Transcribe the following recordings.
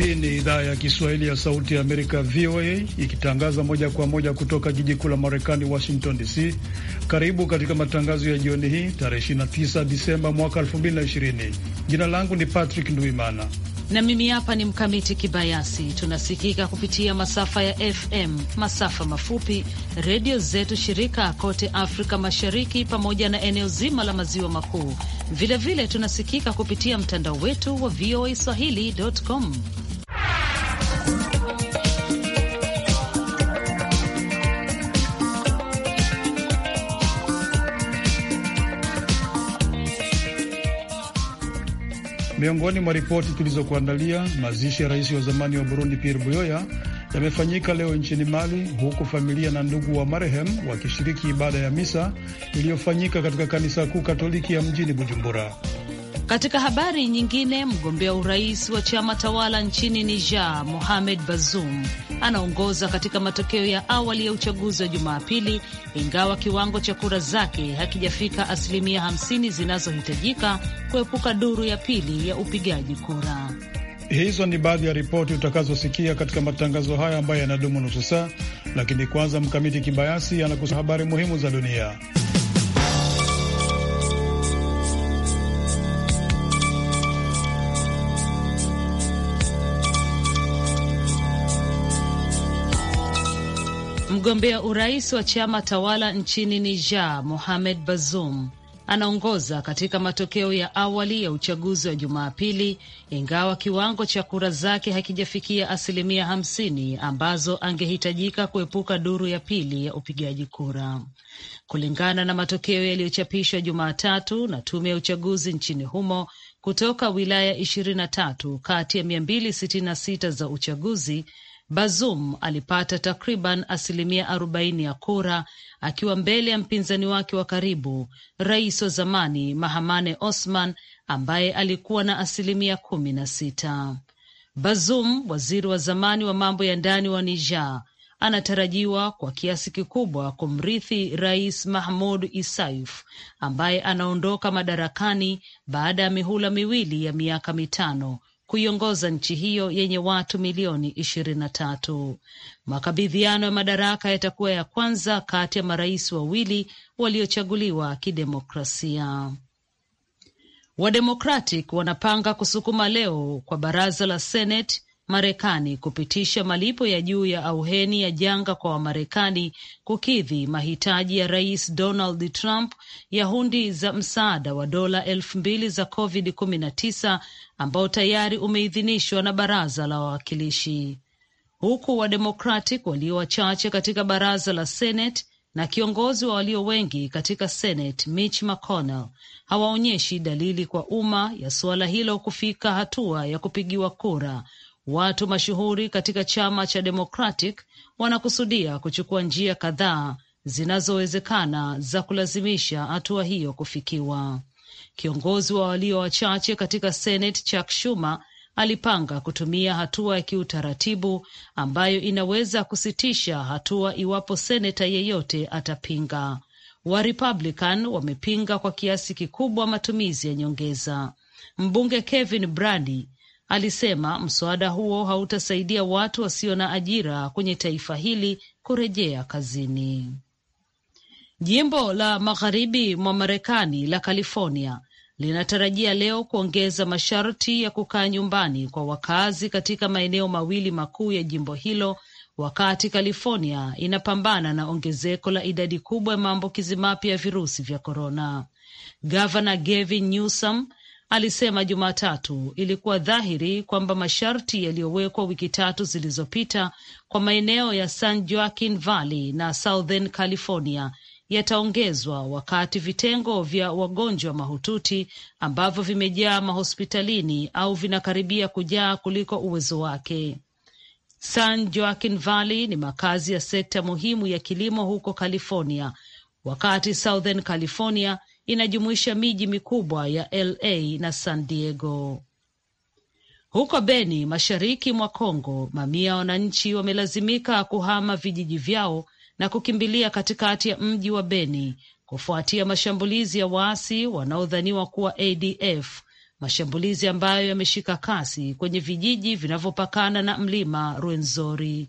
Hii ni idhaa ya Kiswahili ya Sauti ya Amerika, VOA, ikitangaza moja kwa moja kutoka jiji kuu la Marekani, Washington DC. Karibu katika matangazo ya jioni hii tarehe 29 Disemba mwaka 2020. Jina langu ni Patrick Nduimana na mimi hapa ni Mkamiti Kibayasi. Tunasikika kupitia masafa ya FM, masafa mafupi, redio zetu shirika kote Afrika Mashariki pamoja na eneo zima la maziwa makuu. Vilevile tunasikika kupitia mtandao wetu wa VOA swahili.com. Miongoni mwa ripoti tulizokuandalia, mazishi ya rais wa zamani wa Burundi Pierre Buyoya yamefanyika leo nchini Mali, huku familia na ndugu wa marehemu wakishiriki ibada ya misa iliyofanyika katika kanisa kuu Katoliki ya mjini Bujumbura. Katika habari nyingine, mgombea urais wa chama tawala nchini Niger, Mohamed Bazoum anaongoza katika matokeo ya awali ya uchaguzi wa Jumapili, ingawa kiwango cha kura zake hakijafika asilimia 50 zinazohitajika kuepuka duru ya pili ya upigaji kura. Hizo ni baadhi ya ripoti utakazosikia katika matangazo haya ambayo yanadumu nusu saa, lakini kwanza Mkamiti Kibayasi anakusa habari muhimu za dunia. Mgombea urais wa chama tawala nchini Niger, Mohamed Bazoum anaongoza katika matokeo ya awali ya uchaguzi wa Jumapili, ingawa kiwango cha kura zake hakijafikia asilimia hamsini ambazo angehitajika kuepuka duru ya pili ya upigaji kura, kulingana na matokeo yaliyochapishwa Jumatatu na tume ya uchaguzi nchini humo kutoka wilaya ishirini na tatu kati ya mia mbili sitini na sita za uchaguzi Bazoum alipata takriban asilimia arobaini ya kura akiwa mbele ya mpinzani wake wa karibu, rais wa zamani Mahamane Osman ambaye alikuwa na asilimia kumi na sita. Bazoum, waziri wa zamani wa mambo ya ndani wa Niger, anatarajiwa kwa kiasi kikubwa kumrithi rais mahmud Isaif ambaye anaondoka madarakani baada ya mihula miwili ya miaka mitano kuiongoza nchi hiyo yenye watu milioni ishirini na tatu. Makabidhiano ya madaraka yatakuwa ya kwanza kati ya marais wawili waliochaguliwa kidemokrasia. Wademokratic wanapanga kusukuma leo kwa baraza la Senate Marekani kupitisha malipo ya juu ya auheni ya janga kwa Wamarekani kukidhi mahitaji ya Rais Donald Trump ya hundi za msaada wa dola elfu mbili za Covid 19 ambao tayari umeidhinishwa na baraza la wawakilishi, huku Wademokratic walio wachache katika baraza la Senate na kiongozi wa walio wengi katika Senate Mitch McConnell hawaonyeshi dalili kwa umma ya suala hilo kufika hatua ya kupigiwa kura Watu mashuhuri katika chama cha Democratic wanakusudia kuchukua njia kadhaa zinazowezekana za kulazimisha hatua hiyo kufikiwa. Kiongozi wa walio wachache katika Senate Chuck Schumer alipanga kutumia hatua ya kiutaratibu ambayo inaweza kusitisha hatua iwapo seneta yeyote atapinga. Wa Republican wamepinga kwa kiasi kikubwa matumizi ya nyongeza. Mbunge Kevin Brady Alisema mswada huo hautasaidia watu wasio na ajira kwenye taifa hili kurejea kazini. Jimbo la magharibi mwa Marekani la California linatarajia leo kuongeza masharti ya kukaa nyumbani kwa wakazi katika maeneo mawili makuu ya jimbo hilo wakati California inapambana na ongezeko la idadi kubwa ya maambukizi mapya ya virusi vya korona. Gavana Gavin Newsom alisema Jumatatu ilikuwa dhahiri kwamba masharti yaliyowekwa wiki tatu zilizopita kwa maeneo ya San Joaquin Valley na Southern California yataongezwa wakati vitengo vya wagonjwa mahututi ambavyo vimejaa mahospitalini au vinakaribia kujaa kuliko uwezo wake. San Joaquin Valley ni makazi ya sekta muhimu ya kilimo huko California, wakati Southern California inajumuisha miji mikubwa ya LA na San Diego. Huko Beni, mashariki mwa Kongo, mamia ya wananchi wamelazimika kuhama vijiji vyao na kukimbilia katikati ya mji wa Beni kufuatia mashambulizi ya waasi wanaodhaniwa kuwa ADF, mashambulizi ambayo yameshika kasi kwenye vijiji vinavyopakana na mlima Rwenzori.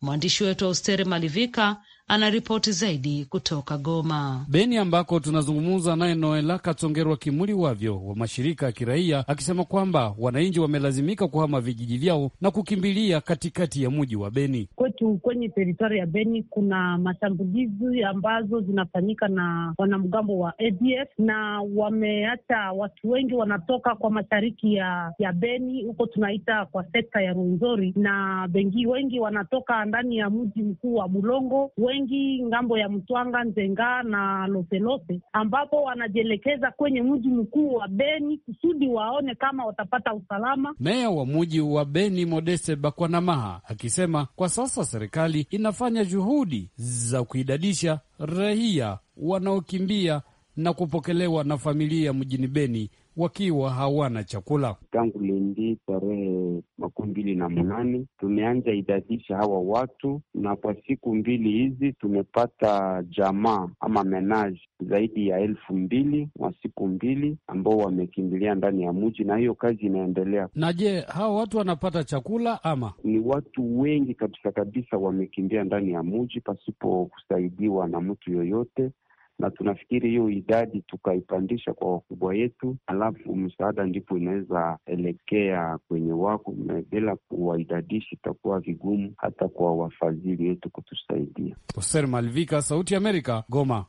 Mwandishi wetu Austere Malivika anaripoti zaidi kutoka Goma. Beni ambako tunazungumza naye Noela katongerwa Kimuli wavyo wa mashirika ya kiraia akisema kwamba wananchi wamelazimika kuhama vijiji vyao na kukimbilia katikati ya mji wa Beni. Kwetu kwenye teritwari ya Beni kuna mashambulizi ambazo zinafanyika na wanamgambo wa ADF na wameacha watu wengi wanatoka kwa mashariki ya, ya Beni huko tunaita kwa sekta ya Runzori na bengi wengi wanatoka ndani ya mji mkuu wa Bulongo wengi Mwengi, ngambo ya Mtwanga, Nzenga na loselose ambapo wanajielekeza kwenye mji mkuu wa Beni kusudi waone kama watapata usalama. Meya wa mji wa Beni Modeste Bakwanamaha akisema kwa sasa serikali inafanya juhudi za kuidadisha raia wanaokimbia na kupokelewa na familia mjini Beni wakiwa hawana chakula. Tangu Lindi tarehe makumi mbili na mnane tumeanza idadisha hawa watu, na kwa siku mbili hizi tumepata jamaa ama menaji zaidi ya elfu mbili wa siku mbili ambao wamekimbilia ndani ya mji, na hiyo kazi inaendelea. Na je, hawa watu wanapata chakula ama? Ni watu wengi kabisa kabisa wamekimbia ndani ya mji pasipo kusaidiwa na mtu yoyote na tunafikiri hiyo idadi tukaipandisha kwa wakubwa yetu, alafu msaada ndipo inaweza elekea kwenye wako, bila kuwaidadishi itakuwa vigumu hata kwa wafadhili wetu kutusaidia. Oser Malvika, Sauti Amerika, Goma.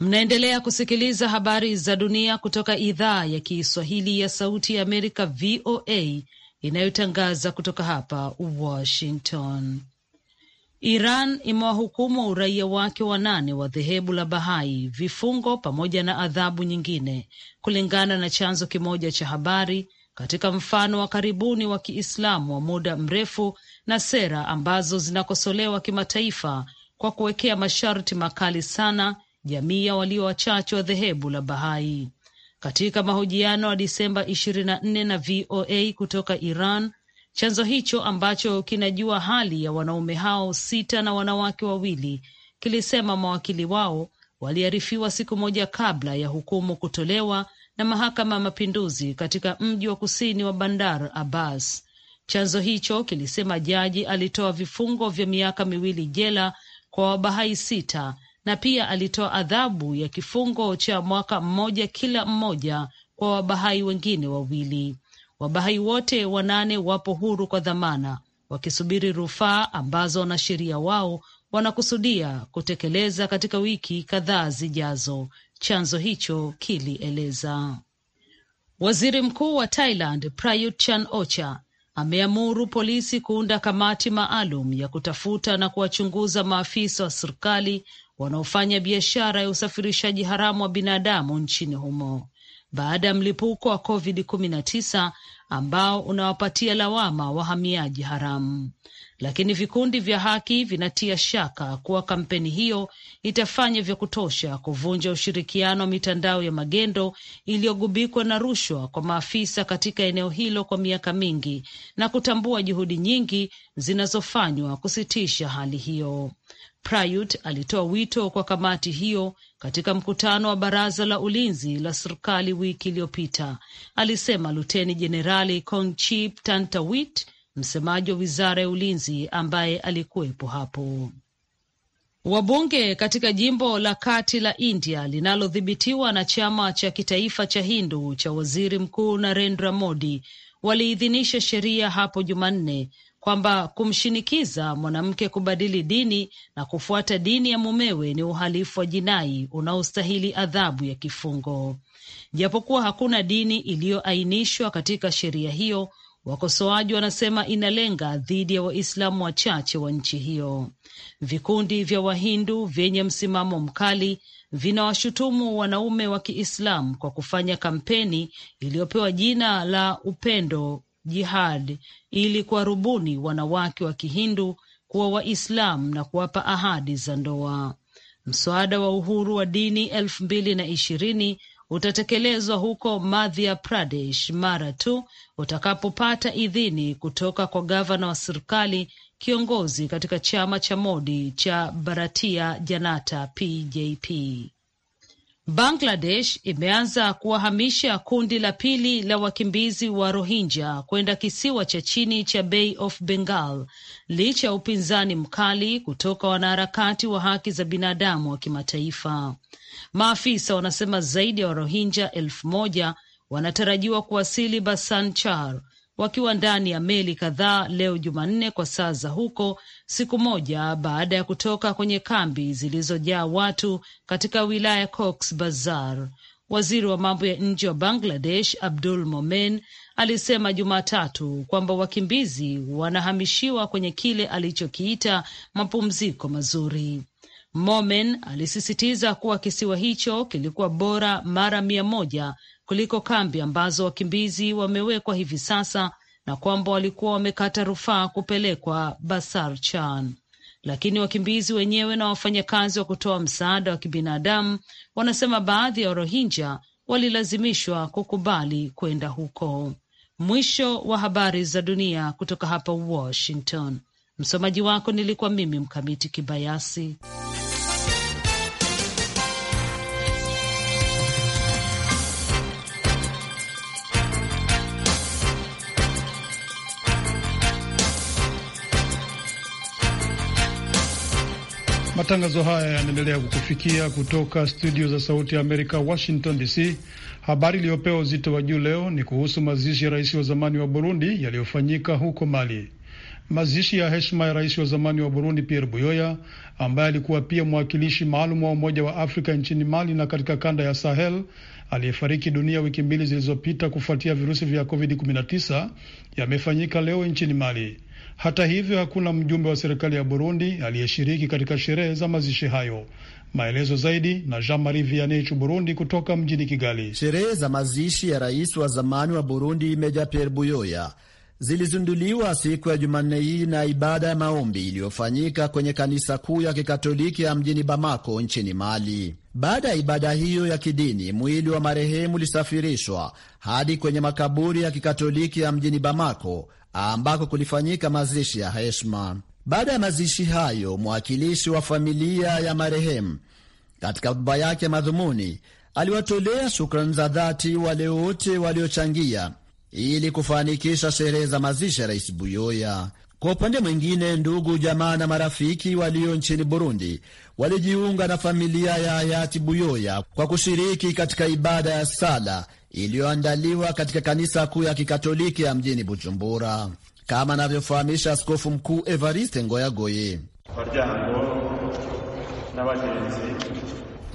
Mnaendelea kusikiliza habari za dunia kutoka idhaa ya Kiswahili ya Sauti ya Amerika, VOA, inayotangaza kutoka hapa Washington. Iran imewahukumu uraia wake wanane wa dhehebu la Bahai vifungo pamoja na adhabu nyingine, kulingana na chanzo kimoja cha habari, katika mfano wa karibuni wa Kiislamu wa muda mrefu na sera ambazo zinakosolewa kimataifa kwa kuwekea masharti makali sana jamii ya walio wachache wa dhehebu la Bahai. Katika mahojiano ya Disemba 24 na VOA kutoka Iran, Chanzo hicho ambacho kinajua hali ya wanaume hao sita na wanawake wawili kilisema mawakili wao waliarifiwa siku moja kabla ya hukumu kutolewa na mahakama ya mapinduzi katika mji wa kusini wa Bandar Abbas. Chanzo hicho kilisema jaji alitoa vifungo vya miaka miwili jela kwa Wabahai sita na pia alitoa adhabu ya kifungo cha mwaka mmoja kila mmoja kwa Wabahai wengine wawili. Wabahai wote wanane wapo huru kwa dhamana wakisubiri rufaa ambazo wanasheria wao wanakusudia kutekeleza katika wiki kadhaa zijazo, chanzo hicho kilieleza. Waziri Mkuu wa Thailand Prayut Chan-ocha ameamuru polisi kuunda kamati maalum ya kutafuta na kuwachunguza maafisa wa serikali wanaofanya biashara ya usafirishaji haramu wa binadamu nchini humo baada ya mlipuko wa COVID-19 ambao unawapatia lawama wahamiaji haramu, lakini vikundi vya haki vinatia shaka kuwa kampeni hiyo itafanya vya kutosha kuvunja ushirikiano wa mitandao ya magendo iliyogubikwa na rushwa kwa maafisa katika eneo hilo kwa miaka mingi na kutambua juhudi nyingi zinazofanywa kusitisha hali hiyo. Prayut alitoa wito kwa kamati hiyo katika mkutano wa baraza la ulinzi la serikali wiki iliyopita, alisema Luteni Jenerali Kongchip Tantawit, msemaji wa wizara ya ulinzi ambaye alikuwepo hapo. Wabunge katika jimbo la kati la India linalodhibitiwa na chama cha kitaifa cha Hindu cha waziri mkuu Narendra Modi waliidhinisha sheria hapo Jumanne kwamba kumshinikiza mwanamke kubadili dini na kufuata dini ya mumewe ni uhalifu wa jinai unaostahili adhabu ya kifungo. Japokuwa hakuna dini iliyoainishwa katika sheria hiyo, wakosoaji wanasema inalenga dhidi ya Waislamu wachache wa nchi hiyo. Vikundi vya Wahindu vyenye msimamo mkali vinawashutumu wanaume wa Kiislamu kwa kufanya kampeni iliyopewa jina la upendo jihad ili kuwarubuni wanawake wa Kihindu kuwa Waislamu na kuwapa ahadi za ndoa. Mswada wa uhuru wa dini elfu mbili na ishirini utatekelezwa huko Madhya Pradesh mara tu utakapopata idhini kutoka kwa gavana wa serikali kiongozi katika chama cha Modi cha Bharatiya Janata BJP. Bangladesh imeanza kuwahamisha kundi la pili la wakimbizi wa Rohingya kwenda kisiwa cha chini cha Bay of Bengal licha ya upinzani mkali kutoka wanaharakati wa haki za binadamu wa kimataifa. Maafisa wanasema zaidi ya Warohingya elfu moja wanatarajiwa kuwasili Basan Char wakiwa ndani ya meli kadhaa leo Jumanne kwa saa za huko, siku moja baada ya kutoka kwenye kambi zilizojaa watu katika wilaya Cox Bazar. Waziri wa mambo ya nje wa Bangladesh Abdul Momen alisema Jumatatu kwamba wakimbizi wanahamishiwa kwenye kile alichokiita mapumziko mazuri. Momen alisisitiza kuwa kisiwa hicho kilikuwa bora mara mia moja kuliko kambi ambazo wakimbizi wamewekwa hivi sasa na kwamba walikuwa wamekata rufaa kupelekwa Basar Chan, lakini wakimbizi wenyewe na wafanyakazi wa kutoa msaada wa kibinadamu wanasema baadhi ya Rohingya walilazimishwa kukubali kwenda huko. Mwisho wa habari za dunia kutoka hapa Washington. Msomaji wako nilikuwa mimi Mkamiti Kibayasi. Matangazo haya yanaendelea kukufikia kutoka studio za Sauti ya Amerika, Washington DC. Habari iliyopewa uzito wa juu leo ni kuhusu mazishi ya rais wa zamani wa Burundi yaliyofanyika huko Mali. Mazishi ya heshima ya rais wa zamani wa Burundi Pierre Buyoya, ambaye alikuwa pia mwakilishi maalum wa Umoja wa Afrika nchini Mali na katika kanda ya Sahel, aliyefariki dunia wiki mbili zilizopita kufuatia virusi vya COVID-19, yamefanyika leo nchini Mali. Hata hivyo, hakuna mjumbe wa serikali ya Burundi aliyeshiriki katika sherehe za mazishi hayo. Maelezo zaidi na Jean Marie Vianney Burundi kutoka mjini Kigali. Sherehe za mazishi ya rais wa zamani wa Burundi Meja Pierre Buyoya zilizinduliwa siku ya Jumanne hii na ibada ya maombi iliyofanyika kwenye kanisa kuu ya Kikatoliki ya mjini Bamako nchini Mali. Baada ya ibada hiyo ya kidini, mwili wa marehemu ulisafirishwa hadi kwenye makaburi ya Kikatoliki ya mjini Bamako ambako kulifanyika mazishi ya heshima. Baada ya mazishi hayo, mwakilishi wa familia ya marehemu katika hotuba yake madhumuni aliwatolea shukrani za dhati wale wote waliochangia ili kufanikisha sherehe za mazishi ya Rais Buyoya. Kwa upande mwingine, ndugu jamaa na marafiki walio nchini Burundi walijiunga na familia ya hayati Buyoya kwa kushiriki katika ibada ya sala iliyoandaliwa katika kanisa kuu ya kikatoliki ya mjini Bujumbura, kama anavyofahamisha Askofu Mkuu Evariste Ngoyagoye.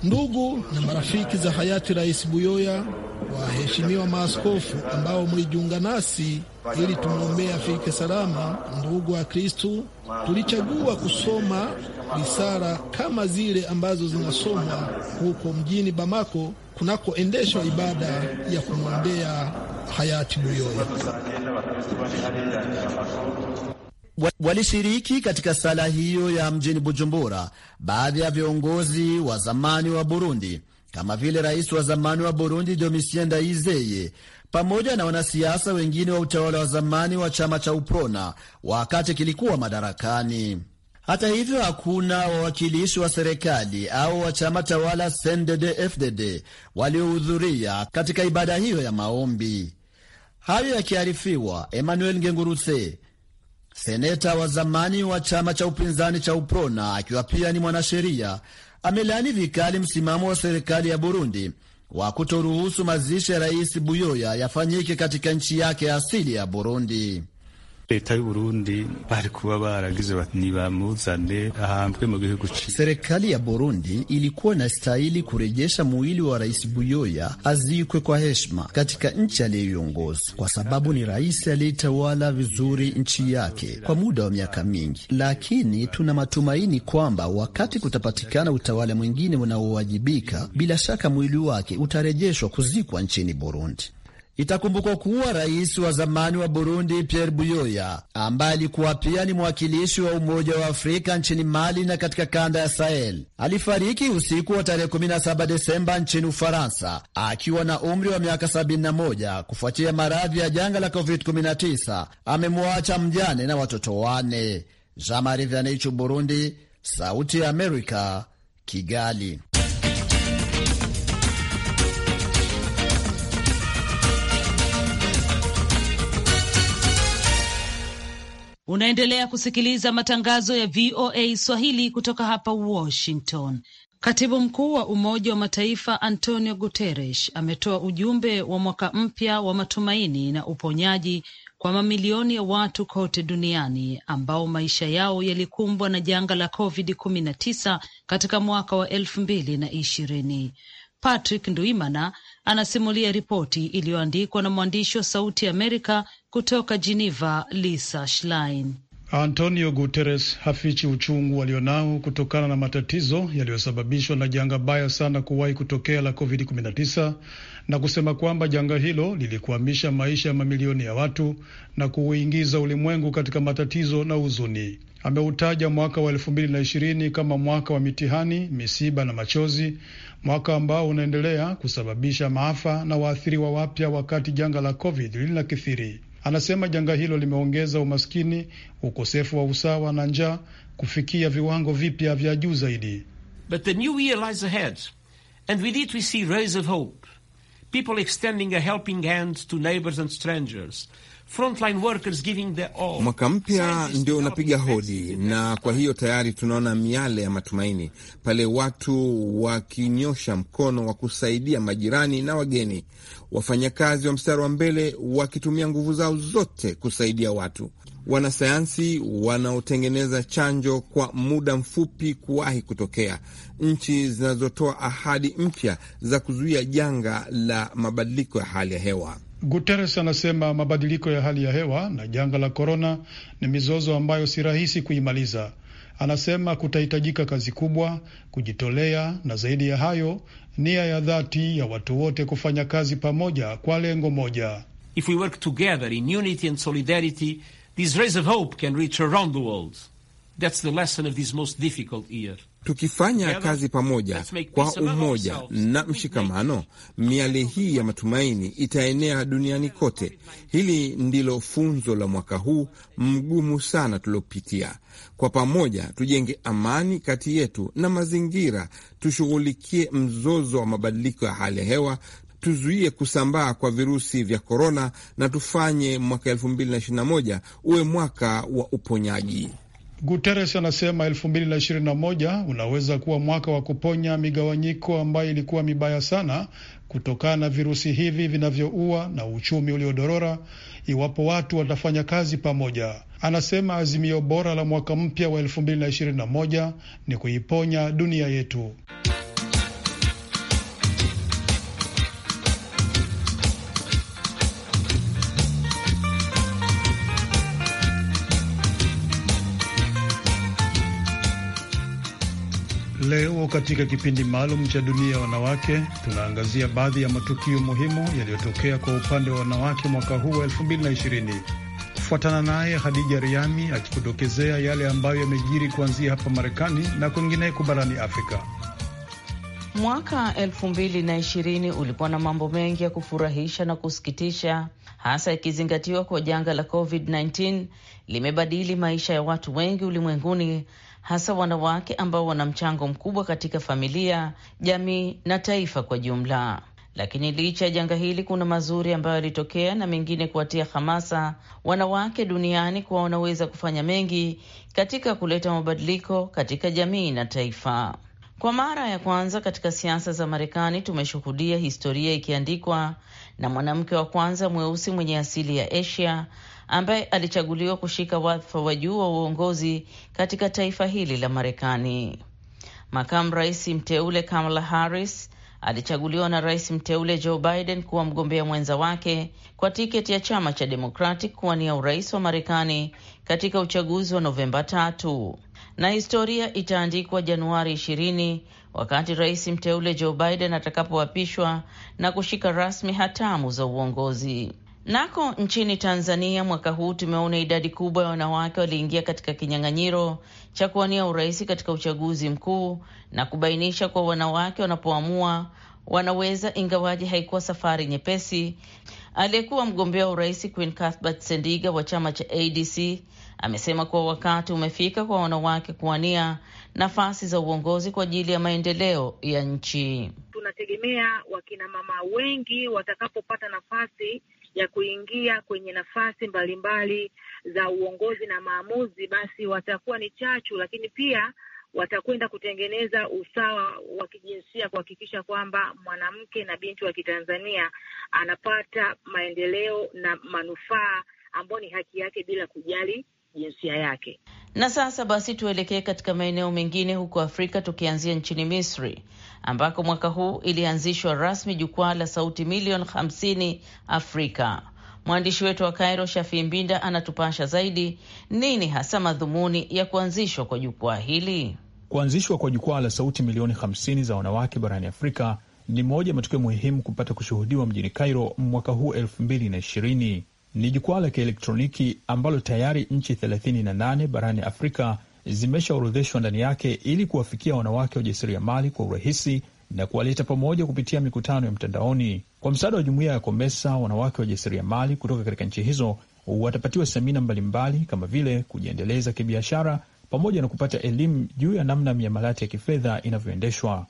Ndugu na marafiki za hayati Rais Buyoya, waheshimiwa maaskofu ambao mlijiunga nasi ili tumwombee afike salama. Ndugu wa Kristu, tulichagua kusoma risala kama zile ambazo zinasomwa huko mjini Bamako kunakoendeshwa ibada ya kumwombea hayati Buyoya walishiriki katika sala hiyo ya mjini Bujumbura baadhi ya viongozi wa zamani wa Burundi kama vile rais wa zamani wa Burundi Domitien Ndayizeye pamoja na wanasiasa wengine wa utawala wa zamani wa chama cha UPRONA wakati kilikuwa madarakani. Hata hivyo hakuna wawakilishi wa serikali au wa chama tawala CNDD FDD waliohudhuria katika ibada hiyo ya maombi. Hayo yakiarifiwa, Emmanuel Ngengurutse seneta wa zamani wa chama cha upinzani cha UPRONA akiwa pia ni mwanasheria amelaani vikali msimamo wa serikali ya Burundi wa kutoruhusu mazishi ya Rais Buyoya yafanyike katika nchi yake asili ya Burundi leta y'uburundi bari kuba baragize bati nibamuzane ahambwe mu gihugu cyiwe. Serikali ya Burundi ilikuwa inastahili kurejesha mwili wa rais Buyoya azikwe kwa heshima katika nchi aliyoiongoza, kwa sababu ni rais aliyetawala vizuri nchi yake kwa muda wa miaka mingi, lakini tuna matumaini kwamba wakati kutapatikana utawala mwingine unaowajibika, bila shaka mwili wake utarejeshwa kuzikwa nchini Burundi. Itakumbukwa kuwa rais wa zamani wa Burundi Pierre Buyoya, ambaye alikuwa pia ni mwakilishi wa Umoja wa Afrika nchini Mali na katika kanda ya Sahel, alifariki usiku wa tarehe 17 Desemba nchini Ufaransa akiwa na umri wa miaka 71 kufuatia maradhi ya janga la COVID-19. Amemwacha mjane na watoto wane. Jamari Marie Burundi, Sauti ya Amerika, Kigali. Unaendelea kusikiliza matangazo ya VOA Swahili kutoka hapa Washington. Katibu mkuu wa Umoja wa Mataifa Antonio Guterres ametoa ujumbe wa mwaka mpya wa matumaini na uponyaji kwa mamilioni ya watu kote duniani ambao maisha yao yalikumbwa na janga la COVID-19 katika mwaka wa elfu mbili na ishirini. Patrick Nduimana anasimulia ripoti iliyoandikwa na mwandishi wa Sauti Amerika kutoka Geneva, Lisa Schlein. Antonio Guterres hafichi uchungu walionao kutokana na matatizo yaliyosababishwa na janga baya sana kuwahi kutokea la COVID-19 na kusema kwamba janga hilo lilikwamisha maisha ya mamilioni ya watu na kuuingiza ulimwengu katika matatizo na huzuni. Ameutaja mwaka wa elfu kama mwaka wa mitihani, misiba na machozi, mwaka ambao unaendelea kusababisha maafa na waathiriwa wapya wakati janga la COVID linakithiri. Anasema janga hilo limeongeza umaskini, ukosefu wa usawa na njaa kufikia viwango vipya vya juu zaidi. But the new year lies ahead and with it we see rays of hope, people extending a helping hand to neighbors and strangers Mwaka mpya ndio unapiga hodi, na kwa hiyo tayari tunaona miale ya matumaini pale watu wakinyosha mkono wa kusaidia majirani na wageni, wafanyakazi wa mstari wa mbele wakitumia nguvu zao zote kusaidia watu, wanasayansi wanaotengeneza chanjo kwa muda mfupi kuwahi kutokea, nchi zinazotoa ahadi mpya za kuzuia janga la mabadiliko ya hali ya hewa. Guterres anasema mabadiliko ya hali ya hewa na janga la korona ni mizozo ambayo si rahisi kuimaliza. Anasema kutahitajika kazi kubwa, kujitolea na zaidi ya hayo, nia ya dhati ya watu wote kufanya kazi pamoja kwa lengo moja. If we work together in unity and solidarity, rays of hope can reach around the world. That's the lesson of this most difficult year. Tukifanya kazi pamoja kwa umoja na mshikamano, miale hii ya matumaini itaenea duniani kote. Hili ndilo funzo la mwaka huu mgumu sana tuliopitia. Kwa pamoja, tujenge amani kati yetu na mazingira, tushughulikie mzozo wa mabadiliko ya hali ya hewa, tuzuie kusambaa kwa virusi vya korona, na tufanye mwaka 2021 uwe mwaka wa uponyaji. Guterres anasema elfu mbili na ishirini na moja unaweza kuwa mwaka wa kuponya migawanyiko ambayo ilikuwa mibaya sana kutokana na virusi hivi vinavyoua na uchumi uliodorora, iwapo watu watafanya kazi pamoja. Anasema azimio bora la mwaka mpya wa elfu mbili na ishirini na moja ni kuiponya dunia yetu. Leo katika kipindi maalum cha dunia ya wanawake tunaangazia baadhi ya matukio muhimu yaliyotokea kwa upande wa wanawake mwaka huu wa 2020. kufuatana naye Hadija Riami akikudokezea yale ambayo yamejiri kuanzia hapa Marekani na kwingineko barani Afrika. Mwaka 2020 ulikuwa na mambo mengi ya kufurahisha na kusikitisha, hasa ikizingatiwa kwa janga la COVID-19 limebadili maisha ya watu wengi ulimwenguni hasa wanawake ambao wana mchango mkubwa katika familia, jamii na taifa kwa jumla. Lakini licha ya janga hili, kuna mazuri ambayo yalitokea na mengine kuwatia hamasa wanawake duniani kuwa wanaweza kufanya mengi katika kuleta mabadiliko katika jamii na taifa. Kwa mara ya kwanza katika siasa za Marekani tumeshuhudia historia ikiandikwa na mwanamke wa kwanza mweusi mwenye asili ya Asia ambaye alichaguliwa kushika wadhifa wa juu wa uongozi katika taifa hili la Marekani. Makamu rais mteule Kamala Harris alichaguliwa na rais mteule Joe Biden kuwa mgombea mwenza wake kwa tiketi ya chama cha Democratic kuwania urais wa Marekani katika uchaguzi wa Novemba tatu, na historia itaandikwa Januari ishirini wakati rais mteule Joe Biden atakapoapishwa na kushika rasmi hatamu za uongozi. Nako nchini Tanzania mwaka huu tumeona idadi kubwa ya wanawake waliingia katika kinyang'anyiro cha kuwania urais katika uchaguzi mkuu na kubainisha kwa wanawake wanapoamua wanaweza, ingawaji haikuwa safari nyepesi. Aliyekuwa mgombea wa urais Queen Cuthbert Sendiga wa chama cha ADC amesema kuwa wakati umefika kwa wanawake kuwania nafasi za uongozi kwa ajili ya maendeleo ya nchi. Tunategemea wakinamama wengi watakapopata nafasi ya kuingia kwenye nafasi mbalimbali za uongozi na maamuzi, basi watakuwa ni chachu, lakini pia watakwenda kutengeneza usawa wa kijinsia, kuhakikisha kwamba mwanamke na binti wa Kitanzania anapata maendeleo na manufaa ambayo ni haki yake bila kujali jinsia yake. Na sasa basi tuelekee katika maeneo mengine huko Afrika, tukianzia nchini Misri ambako mwaka huu ilianzishwa rasmi jukwaa la sauti milioni 50 Afrika. Mwandishi wetu wa Kairo, Shafii Mbinda, anatupasha zaidi. Nini hasa madhumuni ya kuanzishwa kwa jukwaa hili? Kuanzishwa kwa jukwaa la sauti milioni 50 za wanawake barani Afrika ni moja ya matukio muhimu kupata kushuhudiwa mjini Kairo mwaka huu 2020 ni jukwaa la kielektroniki ambalo tayari nchi 38 barani Afrika zimeshaorodheshwa ndani yake ili kuwafikia wanawake wajasiriamali kwa urahisi na kuwaleta pamoja kupitia mikutano ya mtandaoni. Kwa msaada wa jumuiya ya Komesa, wanawake wajasiriamali kutoka katika nchi hizo watapatiwa semina mbalimbali kama vile kujiendeleza kibiashara pamoja na kupata elimu juu ya namna miamalati ya kifedha inavyoendeshwa.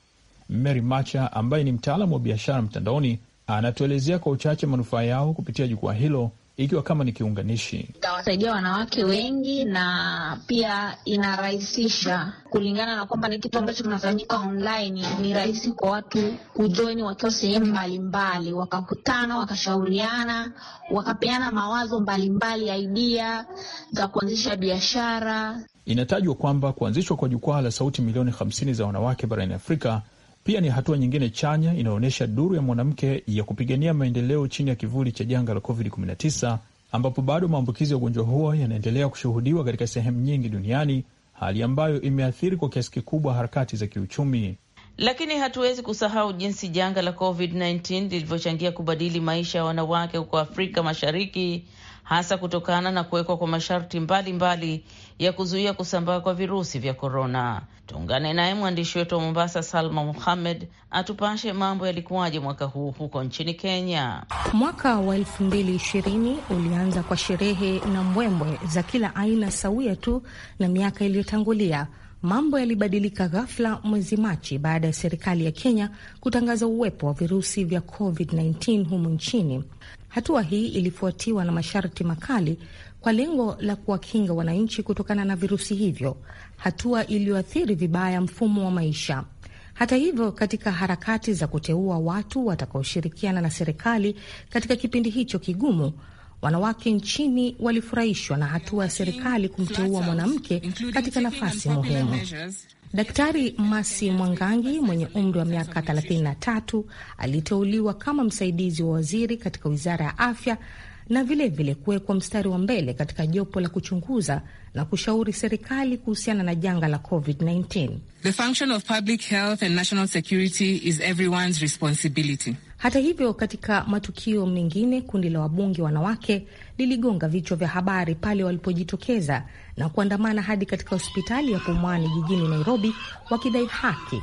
Mary Macha ambaye ni mtaalamu wa biashara mtandaoni anatuelezea kwa uchache manufaa yao kupitia jukwaa hilo ikiwa kama ni kiunganishi. Itawasaidia wanawake wengi na pia inarahisisha, kulingana na kwamba ni kitu ambacho kinafanyika online. Ni rahisi kwa watu kujoini wakiwa sehemu mbalimbali, wakakutana, wakashauriana, wakapeana mawazo mbalimbali, idia za kuanzisha biashara. Inatajwa kwamba kuanzishwa kwa jukwaa la sauti milioni 50 za wanawake barani Afrika pia ni hatua nyingine chanya inayoonyesha duru ya mwanamke ya kupigania maendeleo chini ya kivuli cha janga la COVID-19, ambapo bado maambukizi ya ugonjwa huo yanaendelea kushuhudiwa katika sehemu nyingi duniani, hali ambayo imeathiri kwa kiasi kikubwa harakati za kiuchumi. Lakini hatuwezi kusahau jinsi janga la COVID-19 lilivyochangia kubadili maisha ya wanawake huko Afrika Mashariki hasa kutokana na kuwekwa kwa masharti mbalimbali ya kuzuia kusambaa kwa virusi vya korona. Tuungane naye mwandishi wetu wa Mombasa, Salma Muhammed, atupashe mambo yalikuwaje mwaka huu huko nchini Kenya. Mwaka wa elfu mbili ishirini ulianza kwa sherehe na mbwembwe za kila aina sawia tu na miaka iliyotangulia Mambo yalibadilika ghafla mwezi Machi baada ya serikali ya Kenya kutangaza uwepo wa virusi vya COVID-19 humu nchini. Hatua hii ilifuatiwa na masharti makali kwa lengo la kuwakinga wananchi kutokana na virusi hivyo, hatua iliyoathiri vibaya mfumo wa maisha. Hata hivyo, katika harakati za kuteua watu watakaoshirikiana na serikali katika kipindi hicho kigumu Wanawake nchini walifurahishwa na hatua ya serikali kumteua mwanamke katika nafasi muhimu. Daktari Masi Mwangangi mwenye umri wa miaka 33 aliteuliwa kama msaidizi wa waziri katika wizara ya afya na vilevile kuwekwa mstari wa mbele katika jopo la kuchunguza na kushauri serikali kuhusiana na janga la COVID-19. The function of public health and national security is everyone's responsibility. Hata hivyo, katika matukio mengine, kundi la wabunge wanawake liligonga vichwa vya habari pale walipojitokeza na kuandamana hadi katika hospitali ya Pumwani jijini Nairobi wakidai haki.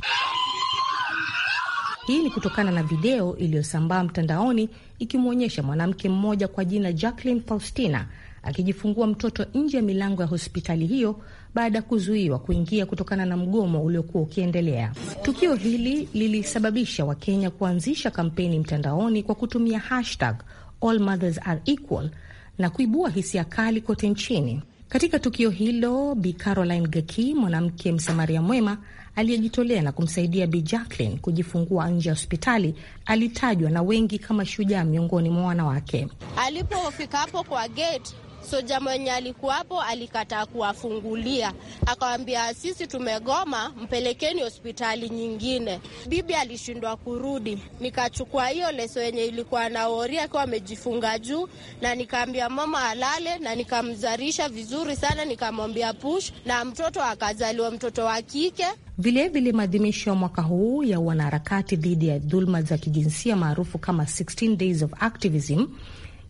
Hii ni kutokana na video iliyosambaa mtandaoni ikimwonyesha mwanamke mmoja kwa jina Jacqueline Faustina akijifungua mtoto nje ya milango ya hospitali hiyo baada ya kuzuiwa kuingia kutokana na mgomo uliokuwa ukiendelea. Tukio hili lilisababisha Wakenya kuanzisha kampeni mtandaoni kwa kutumia hashtag All Mothers Are Equal na kuibua hisia kali kote nchini. Katika tukio hilo, Bi Caroline Geki, mwanamke msamaria mwema aliyejitolea na kumsaidia Bi Jacqueline kujifungua nje ya hospitali, alitajwa na wengi kama shujaa miongoni mwa wanawake. Alipofika hapo kwa gate, soja mwenye alikuwa hapo alikataa kuwafungulia, akawambia sisi tumegoma, mpelekeni hospitali nyingine. Bibi alishindwa kurudi, nikachukua hiyo leso yenye ilikuwa na oria akiwa amejifunga juu, na nikaambia mama alale, na nikamzarisha vizuri sana, nikamwambia push, na mtoto akazaliwa, mtoto wa kike. Vilevile, maadhimisho ya mwaka huu ya wanaharakati dhidi ya dhuluma za kijinsia maarufu kama 16 Days of Activism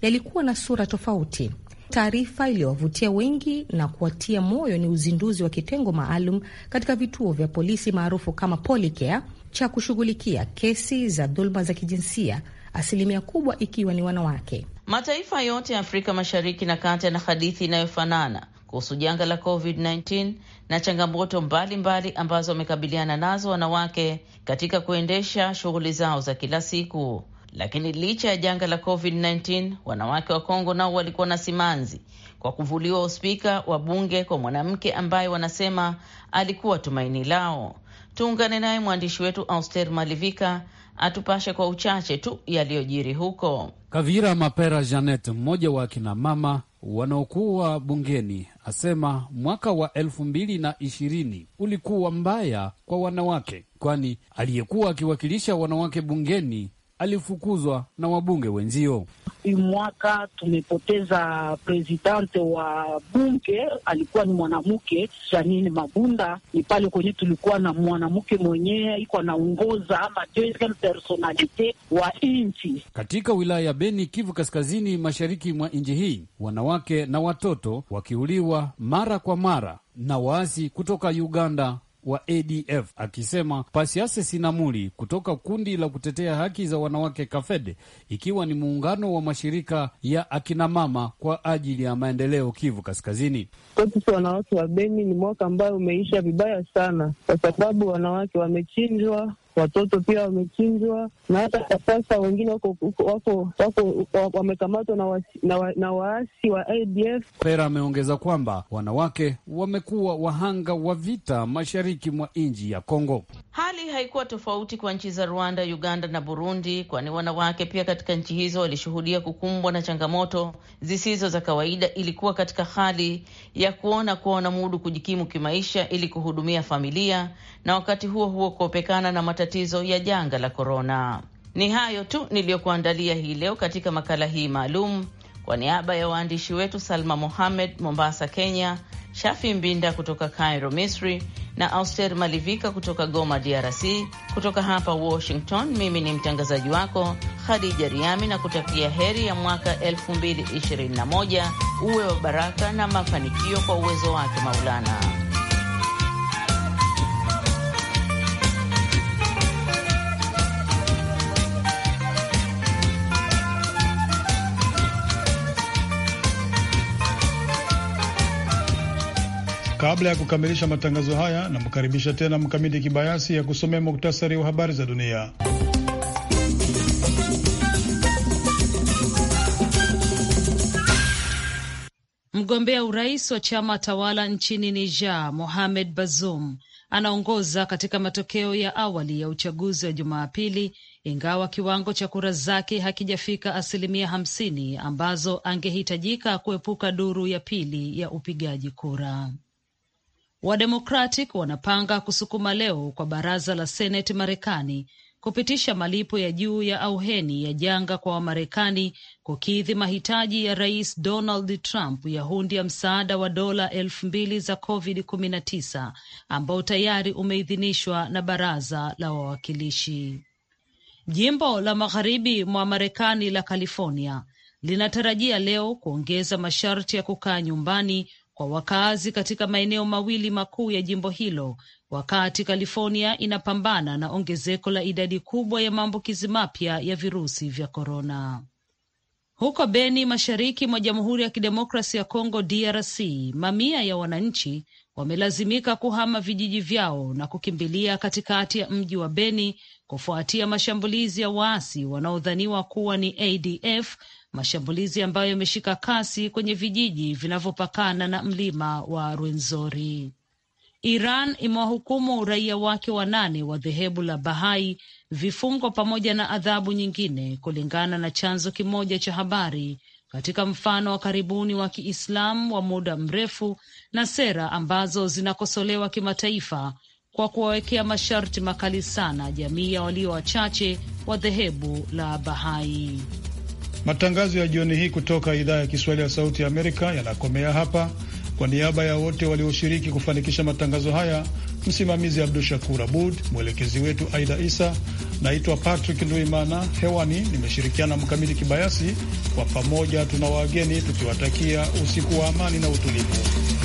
yalikuwa na sura tofauti. Taarifa iliyowavutia wengi na kuwatia moyo ni uzinduzi wa kitengo maalum katika vituo vya polisi maarufu kama Policare cha kushughulikia kesi za dhuluma za kijinsia, asilimia kubwa ikiwa ni wanawake. Mataifa yote ya Afrika Mashariki na Kati yana hadithi inayofanana kuhusu janga la COVID-19 na changamoto mbalimbali ambazo wamekabiliana nazo wanawake katika kuendesha shughuli zao za kila siku. Lakini licha ya janga la COVID-19, wanawake wa Kongo nao walikuwa na simanzi kwa kuvuliwa uspika wa bunge kwa mwanamke ambaye wanasema alikuwa tumaini lao. Tuungane naye mwandishi wetu Auster Malivika atupashe kwa uchache tu yaliyojiri huko Kavira. Mapera Janet, mmoja wa akinamama mama wanaokuwa bungeni, asema mwaka wa elfu mbili na ishirini ulikuwa mbaya kwa wanawake, kwani aliyekuwa akiwakilisha wanawake bungeni alifukuzwa na wabunge wenzio. Huyu mwaka tumepoteza presidente wa bunge, alikuwa ni mwanamke Janine Mabunda. Ni pale kwenye tulikuwa na mwanamke mwenyewe iko anaongoza ama personalite wa nchi. Katika wilaya ya Beni, Kivu Kaskazini, mashariki mwa nchi hii, wanawake na watoto wakiuliwa mara kwa mara na waasi kutoka Uganda wa ADF akisema Pasiase Sinamuli kutoka kundi la kutetea haki za wanawake Kafede, ikiwa ni muungano wa mashirika ya akinamama kwa ajili ya maendeleo Kivu Kaskazini. Sisi wanawake wa Beni, ni mwaka ambayo umeisha vibaya sana, kwa sababu wanawake wamechinjwa watoto pia wamechinjwa, na hata kwa sasa wengine wako wako wamekamatwa na, wa, na, wa, na waasi wa ADF. Pera ameongeza kwamba wanawake wamekuwa wahanga wa vita mashariki mwa nchi ya Kongo. Hali haikuwa tofauti kwa nchi za Rwanda, Uganda na Burundi, kwani wanawake pia katika nchi hizo walishuhudia kukumbwa na changamoto zisizo za kawaida. Ilikuwa katika hali ya kuona kuwa wanamudu kujikimu kimaisha ili kuhudumia familia na wakati huo huo kuopekana na matatizo ya janga la korona. Ni hayo tu niliyokuandalia hii leo katika makala hii maalum. Kwa niaba ya waandishi wetu Salma Mohamed Mombasa, Kenya, Shafi Mbinda kutoka Cairo, Misri, na Auster Malivika kutoka Goma, DRC. Kutoka hapa Washington, mimi ni mtangazaji wako Khadija Riami na kutakia heri ya mwaka 2021 uwe wa baraka na mafanikio kwa uwezo wake Maulana. Kabla ya kukamilisha matangazo haya, namkaribisha tena Mkamidi Kibayasi ya kusomea muktasari wa habari za dunia. Mgombea urais wa chama tawala nchini Niger, Mohamed Bazoum anaongoza katika matokeo ya awali ya uchaguzi wa Jumapili, ingawa kiwango cha kura zake hakijafika asilimia hamsini ambazo angehitajika kuepuka duru ya pili ya upigaji kura. Wademokratic wanapanga kusukuma leo kwa baraza la seneti Marekani kupitisha malipo ya juu ya auheni ya janga kwa Wamarekani kukidhi mahitaji ya Rais Donald Trump ya hundi ya msaada wa dola elfu mbili za COVID-19 ambao tayari umeidhinishwa na baraza la wawakilishi. Jimbo la magharibi mwa Marekani la California linatarajia leo kuongeza masharti ya kukaa nyumbani kwa wakazi katika maeneo mawili makuu ya jimbo hilo, wakati California inapambana na ongezeko la idadi kubwa ya maambukizi mapya ya virusi vya korona. Huko Beni, mashariki mwa Jamhuri ya Kidemokrasi ya Kongo, DRC, mamia ya wananchi wamelazimika kuhama vijiji vyao na kukimbilia katikati ya mji wa Beni kufuatia mashambulizi ya waasi wanaodhaniwa kuwa ni ADF mashambulizi ambayo yameshika kasi kwenye vijiji vinavyopakana na mlima wa Rwenzori. Iran imewahukumu raia wake wanane wa dhehebu la Bahai vifungo pamoja na adhabu nyingine, kulingana na chanzo kimoja cha habari, katika mfano wa karibuni wa Kiislamu wa muda mrefu na sera ambazo zinakosolewa kimataifa kwa kuwawekea masharti makali sana jamii ya walio wachache wa dhehebu la Bahai. Matangazo ya jioni hii kutoka idhaa ya Kiswahili ya Sauti ya Amerika yanakomea hapa. Kwa niaba ya wote walioshiriki kufanikisha matangazo haya, msimamizi Abdu Shakur Abud, mwelekezi wetu Aida Isa. Naitwa Patrick Nduimana, hewani nimeshirikiana Mkamiti Kibayasi. Kwa pamoja tuna wageni tukiwatakia usiku wa amani na utulivu.